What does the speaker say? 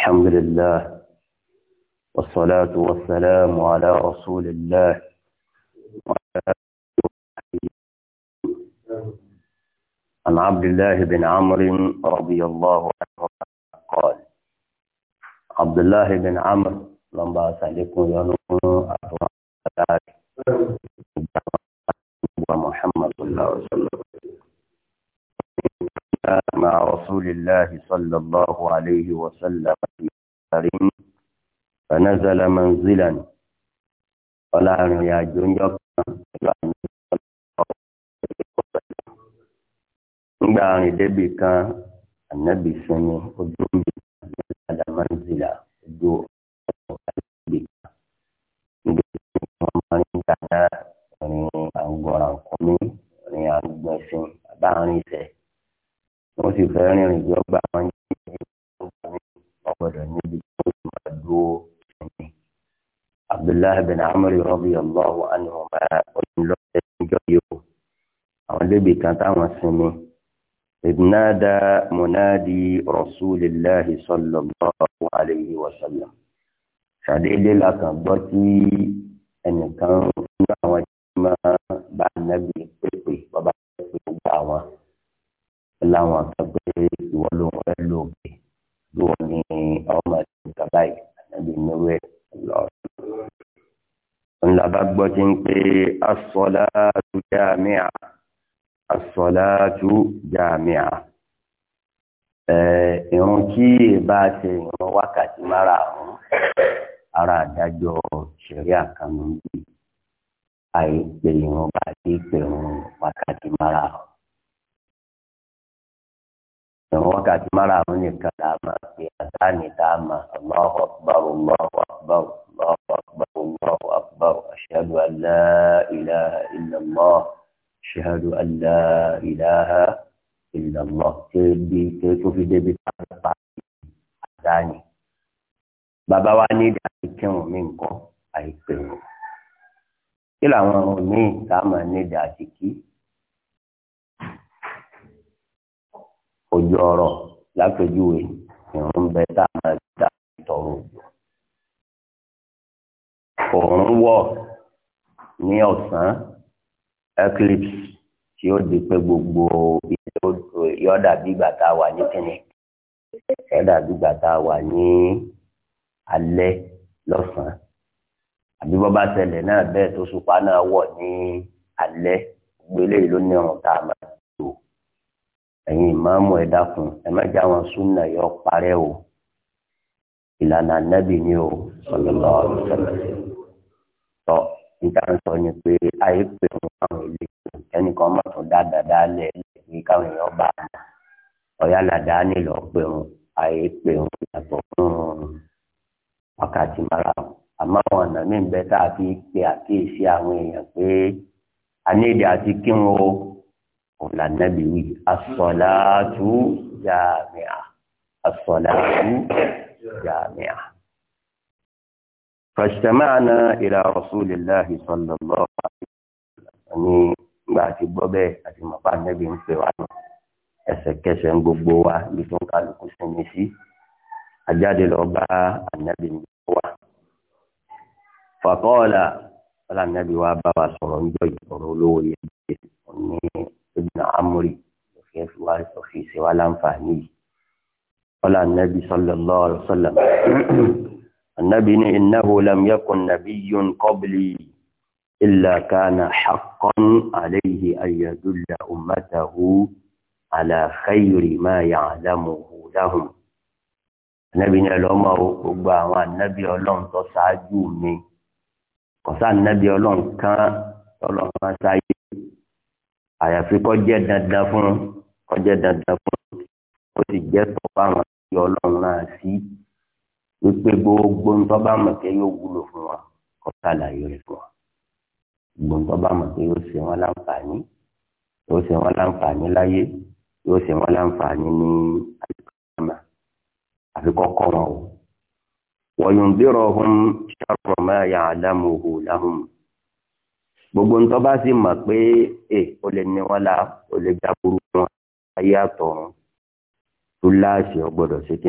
الحمد لله والصلاة والسلام على رسول الله عن عبد الله بن عمرو رضي الله عنه قال عبد الله بن عمرو لما سألكم ينوم محمد صلى الله عليه وسلم مع رسول الله صلى الله عليه وسلم karim fanazala manzilan ọlá arìnrìn àjò ńjọ kan pẹ̀lú àwọn nígbà arìn débi kan ànábì sinmi ojú ń bì fanazala manzila ojú ọ̀gá débi kan níbi tí máa ń dáná rìn àgọ́ àkọ́mí rìn àgbọ̀nsìn àbá wọ́n sì fẹ́ rìnrìn ìjọba wọn. abdullahi bin amr radiyallahu anhuma onílọ́sẹ̀ níjọ́ yòó àwọn débi kan táwọn sinmi ibnada munadi rasulillahi sallallahu alayhi wa sallam ṣàdédé la kàn gbọ́ tí ẹnìkan fún àwọn tí máa bá nábì pépè bàbá pépè gbà wọn láwọn kan pé ìwọ ló ní ọmọ ìgbà báyìí ànábì nírú ẹ lọ ńlá bá gbọ́ ti ń pé asọ́láàtú jàmíà asọ́láàtú jàmíà ìrun kí ìbá ṣe ìrun wákàtí mára àrùn ara àdájọ́ ṣẹ̀rí àkànnù yìí àìpé ìrun bá ti pè ìrun wákàtí mára àrùn ìrun wákàtí mára àrùn nìkan la máa pe àdáni tá a máa Allahu Akbar لا إله إلا الله أشهد أن لا إله إلا الله تبي تشوفي دبي àdáni bàbá wa ní ìdájí kírun mí nǹkan àìpé wọn kí làwọn ohun míì tá a máa ní ìdájí kí ojú ọ̀rọ̀ lápèjúwe ìrún bẹ tá a máa dá ìtọrọ òjò òòrùn wọ̀ ní ọ̀sán eclipse tí ó di pé gbogbo yọ dàbí ìgbà tá a wà ní kíni yọ dàbí ìgbà tá a wà ní alẹ́ lọ́sàn-án àbí bọ́ bá ṣẹlẹ̀ náà bẹ́ẹ̀ tó ṣùpá náà wọ̀ ní alẹ́ gbélé ló ní ọ̀run tá a máa lò ẹ̀yin ìmáàmù ẹ̀ dákun ẹ má jẹ́ àwọn súnà yọ parẹ́ o ìlànà ànábì ni o sallallahu alaihi wasallam ìta ń sọ ni pé ayé pé òun káwọn ilé ẹnìkan má tún dá dáadáa lẹ ní káwọn èèyàn bá a ọ̀yá làdá nílò pé òun ayé pé òun yàtọ̀ fún wákàtí mara àmọ́ àwọn ọ̀nà mí bẹ tá a fi pe àkíyèsí àwọn èèyàn pé a ní èdè àti kí wọn o òun là nẹ́bi wí asọ̀làtú jàmíà asọ̀làtú jàmíà fàṣtàmáàna ìlà rasulillahi sallallahu alaihi wasallam ní gbà àti gbọ́ bẹ́ẹ̀ àti mọ̀pá nẹ́bí ń pè wá nù ẹsẹ̀kẹsẹ̀ ń gbogbo wa ibi tó ń kálukú sinmi sí àjáde lọ bá ànábì ń bọ̀ wá. fàkọ́ọ̀là ọ̀là ànábì wa bá wa sọ̀rọ̀ níjọ́ ìsọ̀rọ̀ olówó yẹn ní ibùdó amúrì òfin fi wá òfin ṣe wá láǹfààní yìí. ọ̀là ànábì sallallahu alaihi wasallam. النبي إنه لم يكن نبي قبلي إلا كان حقا عليه أن يدل أمته على خير ما يعلمه لهم النبي لما النبي لم لهم تساجو من قصى النبي لهم كان لهم سايد àyàfi kọ́ jẹ́ dandan fún kọ́ jẹ́ dandan fún ó sì jẹ́ tọ́ fáwọn tí náà sí wípé gbogbo ń tọ́ba mọ̀ pé yóò wúlò fún wa kọ́ sàlàyé rẹ̀ fún wa gbogbo ń tọ́ba mọ̀ pé yóò ṣe wọ́n láǹfààní yóò ṣe wọ́n láǹfààní láyé yóò ṣe wọ́n láǹfààní ní àyíkámà àfi kọ́kọ́ wọn o wọ́n yóò dérò ọ̀hún ṣàrọ̀ máa yà á dámú láhùn gbogbo ń tọ́ba sì mọ̀ pé ẹ o lè ní wọn la o lè já burú wọn ayé àtọ̀run tó láàṣẹ ọgbọ́dọ̀ ṣe kí ni.